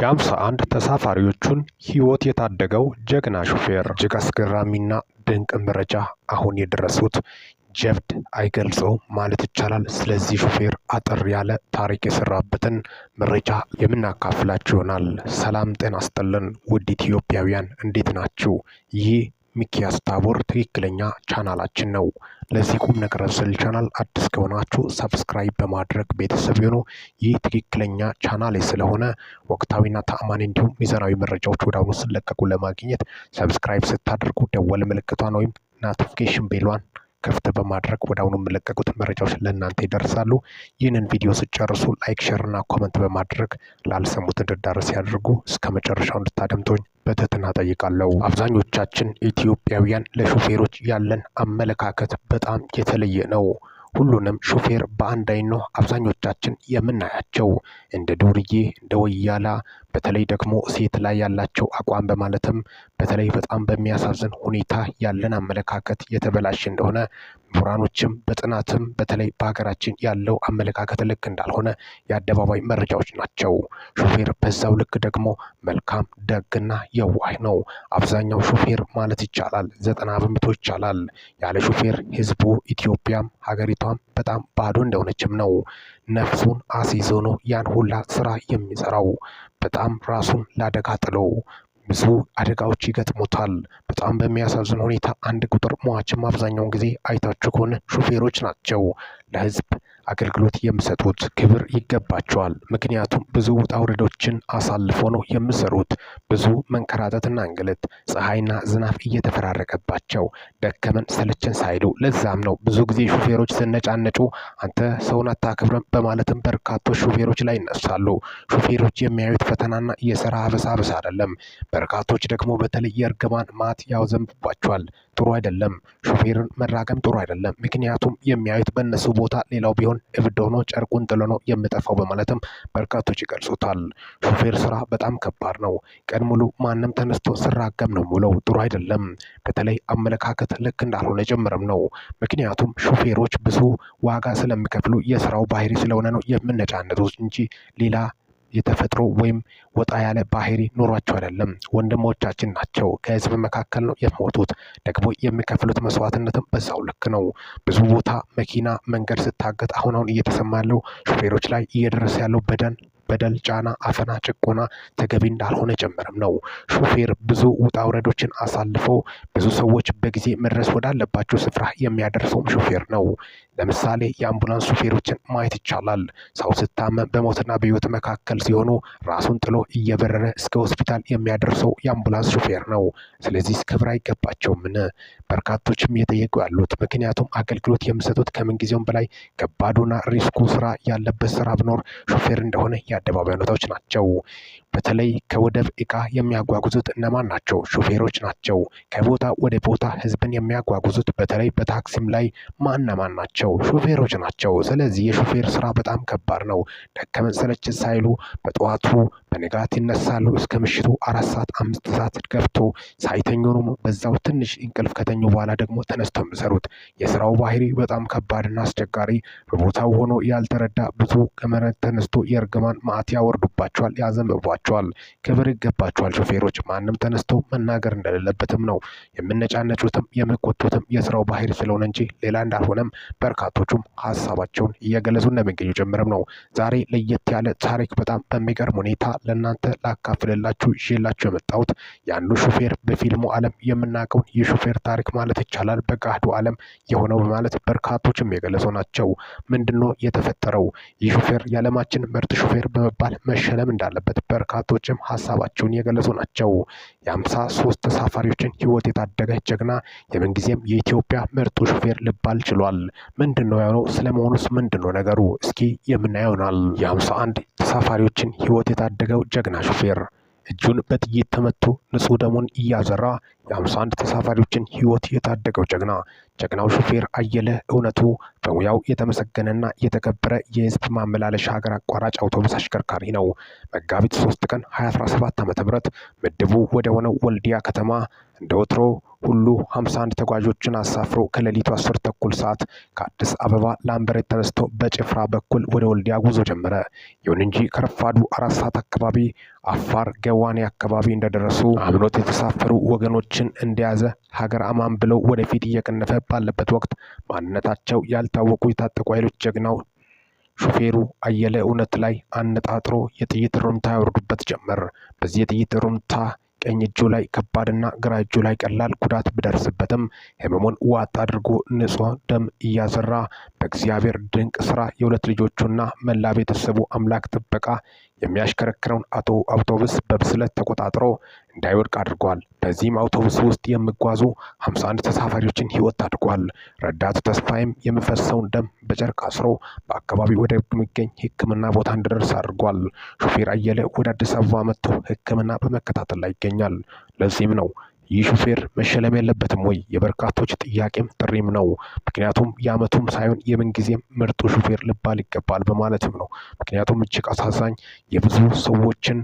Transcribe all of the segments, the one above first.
የአምሳ አንድ ተሳፋሪዎቹን ህይወት የታደገው ጀግና ሹፌር። እጅግ አስገራሚና ድንቅ መረጃ አሁን የደረሱት ጀብድ አይገልጸው ማለት ይቻላል። ስለዚህ ሹፌር አጠር ያለ ታሪክ የሰራበትን መረጃ የምናካፍላችሁ ይሆናል። ሰላም ጤና ይስጥልን ውድ ኢትዮጵያውያን እንዴት ናችሁ? ይህ ሚኪያስ ታቦር ትክክለኛ ቻናላችን ነው። ለዚህ ቁም ነገር አዘል ቻናል አዲስ ከሆናችሁ ሰብስክራይብ በማድረግ ቤተሰብ የሆኑ ይህ ትክክለኛ ቻናል ስለሆነ ወቅታዊና ተአማኒ እንዲሁም ሚዛናዊ መረጃዎች ወደ አሁኑ ስለቀቁ ለማግኘት ሰብስክራይብ ስታደርጉ ደወል ምልክቷን ወይም ኖቲፊኬሽን ቤሏን ክፍት በማድረግ ወደ አሁኑ የሚለቀቁት መረጃዎች ለእናንተ ይደርሳሉ። ይህንን ቪዲዮ ስጨርሱ ላይክ፣ ሸርና ኮመንት በማድረግ ላልሰሙት እንድዳረስ ያደርጉ እስከ መጨረሻው እንድታደምጡኝ በትህትና ጠይቃለሁ። አብዛኞቻችን ኢትዮጵያውያን ለሹፌሮች ያለን አመለካከት በጣም የተለየ ነው። ሁሉንም ሹፌር በአንድ አይን ነው አብዛኞቻችን የምናያቸው። እንደ ዱርዬ፣ እንደ ወያላ በተለይ ደግሞ ሴት ላይ ያላቸው አቋም በማለትም በተለይ በጣም በሚያሳዝን ሁኔታ ያለን አመለካከት የተበላሸ እንደሆነ ምሁራኖችም በጥናትም በተለይ በሀገራችን ያለው አመለካከት ልክ እንዳልሆነ የአደባባይ መረጃዎች ናቸው። ሾፌር በዛው ልክ ደግሞ መልካም ደግና የዋህ ነው። አብዛኛው ሾፌር ማለት ይቻላል ዘጠና በመቶ ይቻላል ያለ ሾፌር ህዝቡ ኢትዮጵያም ሀገሪቷም በጣም ባዶ እንደሆነችም ነው። ነፍሱን አስይዞ ነው ያን ሁላ ስራ የሚሰራው። በጣም ራሱን ላደጋ ጥሎ ብዙ አደጋዎች ይገጥሙታል። በጣም በሚያሳዝን ሁኔታ አንድ ቁጥር ሟችም አብዛኛውን ጊዜ አይታችሁ ከሆነ ሹፌሮች ናቸው ለህዝብ አገልግሎት የሚሰጡት ክብር ይገባቸዋል። ምክንያቱም ብዙ ውጣ ውረዶችን አሳልፎ ነው የሚሰሩት። ብዙ መንከራተትና እንግልት፣ ፀሐይና ዝናብ እየተፈራረቀባቸው ደከመን ሰለቸን ሳይሉ። ለዛም ነው ብዙ ጊዜ ሹፌሮች ስነጫነጩ አንተ ሰውን አታክብረን በማለትም በርካቶች ሹፌሮች ላይ ይነሳሉ። ሹፌሮች የሚያዩት ፈተናና የስራ አበሳበስ አይደለም። በርካቶች ደግሞ በተለይ የእርግማን ማት ያውዘንብባቸዋል። ጥሩ አይደለም። ሹፌርን መራገም ጥሩ አይደለም። ምክንያቱም የሚያዩት በእነሱ ቦታ ሌላው ቢሆን ሳይሆን እብድ ሆኖ ጨርቁን ጥሎ ነው የምጠፋው በማለትም በርካቶች ይገልጹታል። ሾፌር ስራ በጣም ከባድ ነው። ቀን ሙሉ ማንም ተነስቶ ስራገም ነው ሙለው ጥሩ አይደለም። በተለይ አመለካከት ልክ እንዳልሆነ ጀምረም ነው። ምክንያቱም ሾፌሮች ብዙ ዋጋ ስለሚከፍሉ የስራው ባህሪ ስለሆነ ነው የምነጫነጡት እንጂ ሌላ የተፈጥሮ ወይም ወጣ ያለ ባህሪ ኖሯቸው አይደለም፣ ወንድሞቻችን ናቸው። ከህዝብ መካከል ነው የሞቱት። ደግሞ የሚከፍሉት መስዋዕትነትም በዛው ልክ ነው። ብዙ ቦታ መኪና መንገድ ስታገት አሁን አሁን እየተሰማ ያለው ሹፌሮች ላይ እየደረሰ ያለው በደን በደል፣ ጫና፣ አፈና፣ ጭቆና ተገቢ እንዳልሆነ ጭምርም ነው። ሾፌር ብዙ ውጣ ውረዶችን አሳልፎ ብዙ ሰዎች በጊዜ መድረስ ወዳለባቸው ስፍራ የሚያደርሰውም ሾፌር ነው። ለምሳሌ የአምቡላንስ ሹፌሮችን ማየት ይቻላል። ሰው ስታመም በሞትና በህይወት መካከል ሲሆኑ ራሱን ጥሎ እየበረረ እስከ ሆስፒታል የሚያደርሰው የአምቡላንስ ሹፌር ነው። ስለዚህ ክብር አይገባቸውምን? በርካቶችም እየጠየቁ ያሉት ምክንያቱም አገልግሎት የምሰጡት ከምን በላይ ከባዱና ሪስኩ ስራ ያለበት ስራ ብኖር ሾፌር እንደሆነ የአደባባይ እውነታዎች ናቸው። በተለይ ከወደብ እቃ የሚያጓጉዙት እነማን ናቸው? ሾፌሮች ናቸው። ከቦታ ወደ ቦታ ህዝብን የሚያጓጉዙት በተለይ በታክሲም ላይ ማነማን ናቸው? ሾፌሮች ናቸው። ስለዚህ የሾፌር ስራ በጣም ከባድ ነው። ደከመን ሰለቸን ሳይሉ በጠዋቱ በንጋት ይነሳሉ። እስከ ምሽቱ አራት ሰዓት አምስት ሰዓት ገብቶ ሳይተኙ ነው። በዛው ትንሽ እንቅልፍ ከተኙ በኋላ ደግሞ ተነስተው የሚሰሩት የስራው ባህሪ በጣም ከባድና አስቸጋሪ፣ በቦታው ሆኖ ያልተረዳ ብዙ ከመሬት ተነስቶ የእርግማን ማዕት ያወርዱባቸዋል፣ ያዘንብቧቸዋል። ክብር ይገባቸዋል ሾፌሮች። ማንም ተነስቶ መናገር እንደሌለበትም ነው የምነጫነጩትም የሚቆጡትም የስራው ባህሪ ስለሆነ እንጂ ሌላ እንዳልሆነም በርካቶቹም ሀሳባቸውን እየገለጹ እንደሚገኙ ጭምርም ነው። ዛሬ ለየት ያለ ታሪክ በጣም በሚገርም ሁኔታ ለእናንተ ላካፍልላችሁ ይዤላችሁ የመጣሁት የአንዱ ሹፌር በፊልሙ ዓለም የምናውቀውን የሹፌር ታሪክ ማለት ይቻላል በገሃዱ ዓለም የሆነው በማለት በርካቶችም የገለጹ ናቸው። ምንድነው የተፈጠረው? ይህ ሹፌር የዓለማችን ምርጥ ሹፌር በመባል መሸለም እንዳለበት በርካቶችም ሀሳባቸውን የገለጹ ናቸው። የአምሳ ሶስት ተሳፋሪዎችን ህይወት የታደገ ጀግና የምንጊዜም የኢትዮጵያ ምርጡ ሹፌር ልባል ችሏል። ምንድን ነው ስለመሆኑስ ምንድን ነው ነገሩ? እስኪ የምናየውናል። የአምሳ አንድ የተሳፋሪዎችን ሕይወት የታደገው ጀግና ሹፌር እጁን በጥይት ተመቶ ንጹህ ደሙን እያዘራ የ51 ተሳፋሪዎችን ሕይወት የታደገው ጀግና ጀግናው ሹፌር አየለ እውነቱ በሙያው የተመሰገነና የተከበረ የህዝብ ማመላለሻ ሀገር አቋራጭ አውቶቡስ አሽከርካሪ ነው። መጋቢት 3 ቀን 2017 ም ምድቡ ወደ ሆነው ወልዲያ ከተማ እንደ ወትሮ ሁሉ 51 ተጓዦችን አሳፍሮ ከሌሊቱ 10 ተኩል ሰዓት ከአዲስ አበባ ላምበሬት ተነስቶ በጭፍራ በኩል ወደ ወልዲያ ጉዞ ጀመረ። ይሁን እንጂ ከረፋዱ አራት ሰዓት አካባቢ አፋር ገዋኔ አካባቢ እንደደረሱ አምኖት የተሳፈሩ ወገኖችን እንደያዘ ሀገር አማን ብለው ወደፊት እየቀነፈ ባለበት ወቅት ማንነታቸው ያልታወቁ የታጠቁ ኃይሎች ጀግናው ሹፌሩ አየለ እውነት ላይ አነጣጥሮ የጥይት ሩምታ ያወርዱበት ጀመር። በዚህ የጥይት ሩምታ ቀኝ እጁ ላይ ከባድና ግራ እጁ ላይ ቀላል ጉዳት ቢደርስበትም ህመሙን ዋጥ አድርጎ ንጹህ ደም እያዘራ በእግዚአብሔር ድንቅ ስራ የሁለት ልጆቹና መላ ቤተሰቡ አምላክ ጥበቃ የሚያሽከረክረውን አቶ አውቶቡስ በብስለት ተቆጣጥሮ እንዳይወድቅ አድርጓል። በዚህም አውቶቡስ ውስጥ የሚጓዙ 51 ተሳፋሪዎችን ህይወት አድጓል። ረዳቱ ተስፋይም የሚፈሰውን ደም በጨርቅ አስሮ በአካባቢው የሚገኝ ሕክምና ቦታ እንዲደርስ አድርጓል። ሹፌር አየለ ወደ አዲስ አበባ መጥቶ ሕክምና በመከታተል ላይ ይገኛል። ለዚህም ነው ይህ ሹፌር መሸለም የለበትም ወይ? የበርካቶች ጥያቄም ጥሪም ነው። ምክንያቱም የአመቱም ሳይሆን የምንጊዜም ምርጡ ሹፌር ልባል ይገባል በማለትም ነው። ምክንያቱም እጅግ አሳዛኝ የብዙ ሰዎችን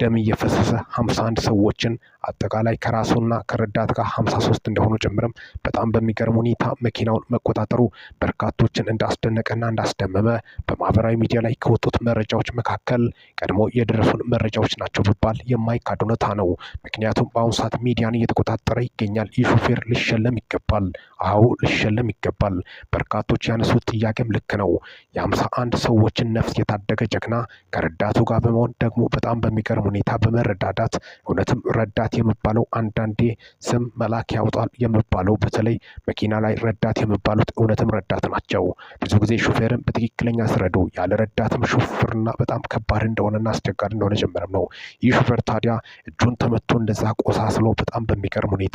ደም እየፈሰሰ ሀምሳ አንድ ሰዎችን አጠቃላይ ከራሱና ከረዳት ጋር 53 እንደሆኑ ጭምርም በጣም በሚገርም ሁኔታ መኪናውን መቆጣጠሩ በርካቶችን እንዳስደነቀና እንዳስደመመ በማህበራዊ ሚዲያ ላይ ከወጡት መረጃዎች መካከል ቀድሞ የደረሱን መረጃዎች ናቸው ብባል የማይካድ እውነታ ነው። ምክንያቱም በአሁኑ ሰዓት ሚዲያን እየተቆጣጠረ ይገኛል። ይህ ሾፌር ሊሸለም ይገባል። አዎ ሊሸለም ይገባል። በርካቶች ያነሱት ጥያቄም ልክ ነው። የአምሳ አንድ ሰዎችን ነፍስ የታደገ ጀግና ከረዳቱ ጋር በመሆን ደግሞ በጣም በሚገርም ሁኔታ በመረዳዳት እውነትም ረዳት የሚባለው አንዳንዴ ስም መልአክ ያውጣል የሚባለው በተለይ መኪና ላይ ረዳት የሚባሉት እውነትም ረዳት ናቸው። ብዙ ጊዜ ሹፌርን በትክክለኛ ስረዱ ያለ ረዳትም ሹፍርና በጣም ከባድ እንደሆነና አስቸጋሪ እንደሆነ ጀምረም ነው። ይህ ሹፌር ታዲያ እጁን ተመቶ እንደዛ ቆሳስሎ በጣም በሚገርም ሁኔታ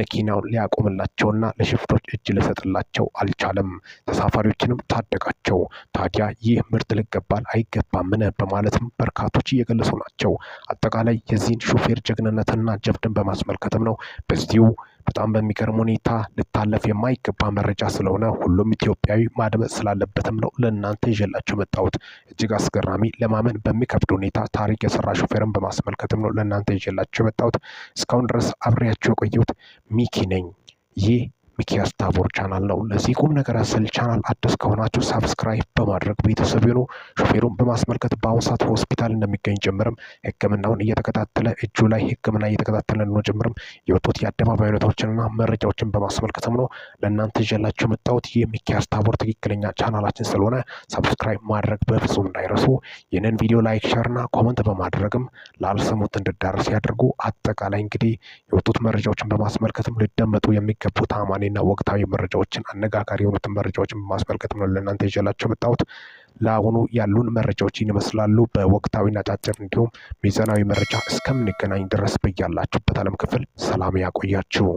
መኪናውን ሊያቆምላቸውና ለሽፍቶች እጅ ልሰጥላቸው አልቻለም። ተሳፋሪዎችንም ታደጋቸው። ታዲያ ይህ ምርት ልገባል አይገባምን በማለትም በርካቶች እየገለጹ ናቸው። አጠቃላይ የዚህን ሹፌር ጀግንነትን እና ጀብድን በማስመልከትም ነው። በዚሁ በጣም በሚገርም ሁኔታ ልታለፍ የማይገባ መረጃ ስለሆነ ሁሉም ኢትዮጵያዊ ማድመጥ ስላለበትም ነው ለእናንተ ይዤላችሁ መጣሁት። እጅግ አስገራሚ ለማመን በሚከብድ ሁኔታ ታሪክ የሰራ ሾፌርን በማስመልከትም ነው ለእናንተ ይዤላችሁ መጣሁት። እስካሁን ድረስ አብሬያቸው የቆየሁት ሚኪ ነኝ። ይህ ሚኪያስ ታቦር ቻናል ነው። ለዚህ ቁም ነገር አዘል ቻናል አዲስ ከሆናችሁ ሰብስክራይብ በማድረግ ቤተሰብ ሆኑ። ሾፌሩን በማስመልከት በአሁኑ ሰዓት ሆስፒታል እንደሚገኝ ጭምርም ሕክምናውን እየተከታተለ እጁ ላይ ሕክምና እየተከታተለ ነው ጭምርም የወጡት የአደባባይ ሁኔታዎችንና መረጃዎችን በማስመልከትም ነው ለእናንተ ይዤላችሁ የመጣሁት። ይህ ሚኪያስ ታቦር ትክክለኛ ቻናላችን ስለሆነ ሳብስክራይብ ማድረግ በፍጹም እንዳይረሱ። ይህንን ቪዲዮ ላይክ፣ ሸርና ኮመንት በማድረግም ላልሰሙት እንድዳረስ ያድርጉ። አጠቃላይ እንግዲህ የወጡት መረጃዎችን በማስመልከትም ሊደመጡ የሚገቡ ታማኒ ትንታኔና ወቅታዊ መረጃዎችን አነጋጋሪ የሆኑትን መረጃዎችን በማስመልከት ነው ለእናንተ ይዤላቸው መጣሁት። ለአሁኑ ያሉን መረጃዎችን ይመስላሉ። በወቅታዊና አጫጭር እንዲሁም ሚዛናዊ መረጃ እስከምንገናኝ ድረስ በያላችሁበት ዓለም ክፍል ሰላም ያቆያችሁ።